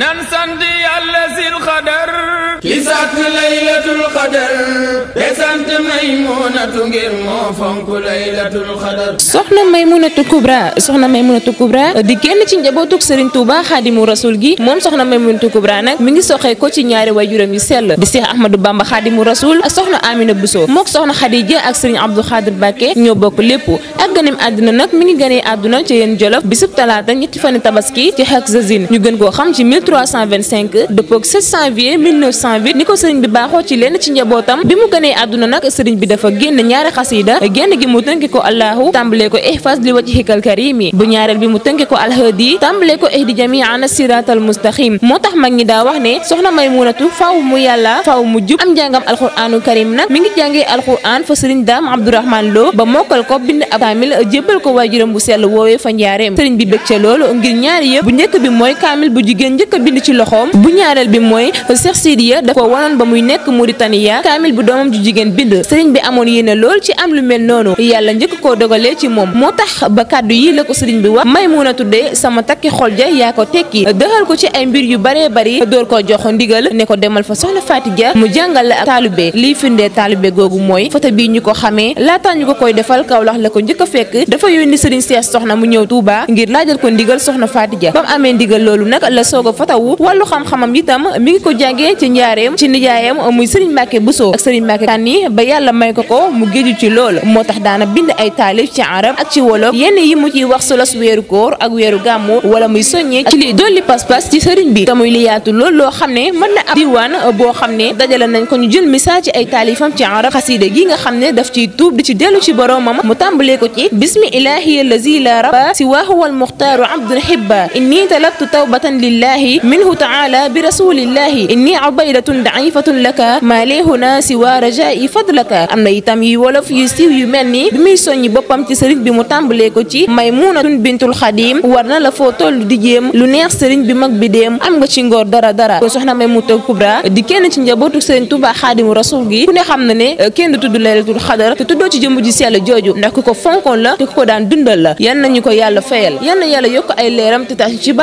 nan sant yàlla sil xadar ki sàkk laylatul xadar te sant Maymunatu ngir moo fonk laylatul xadar soxna Maymunatu Kubra soxna Maymunatu Kubra di kenn ci njabootug Serigne Touba Xaadimu Rasul gi moom soxna Maymunatu Kubra nag mi ngi soxe ko ci ñaari waajuram yu sell di Seex Ahmadou Bamba Xaadimu Rasul ak soxna Amina Bousso mook soxna Xadija ak Serigne Abdou Xaadir Mbàkke ñoo bokk lépp ak ganim àdduna nag mi ngi ganee àdduna ci yéen Jolof bisub talaata ñetti fani tabaski ci xeek Zazine ñu gën koo xam ci 1325 dëppoog 7 janvier 1908 ni ko sëriñ bi ci lenn ci njabootam génnee àdduna nag sëriñ bi dafa génn ñaari xasida génn gi mu tënki ko allahu tàmbalee ko ihfas li wajhikal karimi bu ñaareel bi mu tënki ko alhadi tàmbalee ko ihdi jamiana siratal mustaqim moo tax mag ñi daa wax ne soxna maymunatu faw mu yàlla faw mu jub am njàngam alquranu karim nag mi ngi jàngee alquran fa sëriñ daam abdourahman loo ba mokkal ko bind ab kaamil jébbal ko waajuram bu sell woowee fa njaareem sëriñ bi bëgg ca loolu ngir ñaari yëpp bu njëkk bi mooy kaamil bu jigéen njëkk a bind ci loxoom bu ñaareel bi mooy Cheikh Sidiya dafa wanoon doom ju jigéen bind sëriñ bi amoon yéene lool ci am lu mel noonu yàlla njëkk koo dogalee ci moom moo tax ba kàddu yi la ko sëriñ bi wax may mun a tuddee sama takki xol ja yaa ko tekki dëxal ko ci ay mbir yu baree bari door koo jox ndigal ne ko demal fa soxna Faati mu jàngal la ak taalube liy firndee taalube googu mooy foto bii ñu ko xamee laataa ñu ko koy defal Kawlax la ko njëkk a fekk dafa yónni sëriñ Seex soxna mu ñëw Tuuba ngir laajal ko ndigal ba mu amee ndigal loolu nag la soog a fotowu wàllu xam-xamam itam mi ngi ko jàngee ci njaareem ci nijaayam ak tànni ba yàlla may ko ko mu géeju ci loolu moo tax daana bind ay taalif ci arab ak ci wolof yenn yi mu ciy wax solos weeru koor ak weeru gàmmu wala muy soññee ci li dolli pas-pas ci sëriñ bi te muy li yaatu lool loo xam ne mën na ab diwaan xam ne dajale nañ ko ñu jël ay taalifam ci arab xasiida gi nga xam ne daf ciy tuub di ci dellu ci boromam mu tàmbalee ko ci bismi ilahi allazi la rabba siwahu wal muxtaaru abdul hibba inni talabtu tawbatan lillahi minhu taala bi rasulillahi inni ubaydatun daifatun laka ma li huna daraja yi fadlaka am na itam yu wolof yu siiw yu mel ni bi muy soññi boppam ci sëriñ bi mu tàmbalee ko ci Maymunatun bintul Xadim war na la foo toll di jéem lu neex sëriñ bi mag bi déem am nga ci ngor dara dara kon soxna Maymunatu Kubra di kenn ci njabootu sëriñ Tuubaa Xaadimu Rasuul gi ku ne xam na ne eh, kenn du tudd laylatul xadar te tuddoo ci jëmm ji sell jooju ndax ku ko fonkoon la te ku ko daan dundal la yan nañu ko yàlla fayal yan na yàlla yokk ay leeram te tax ci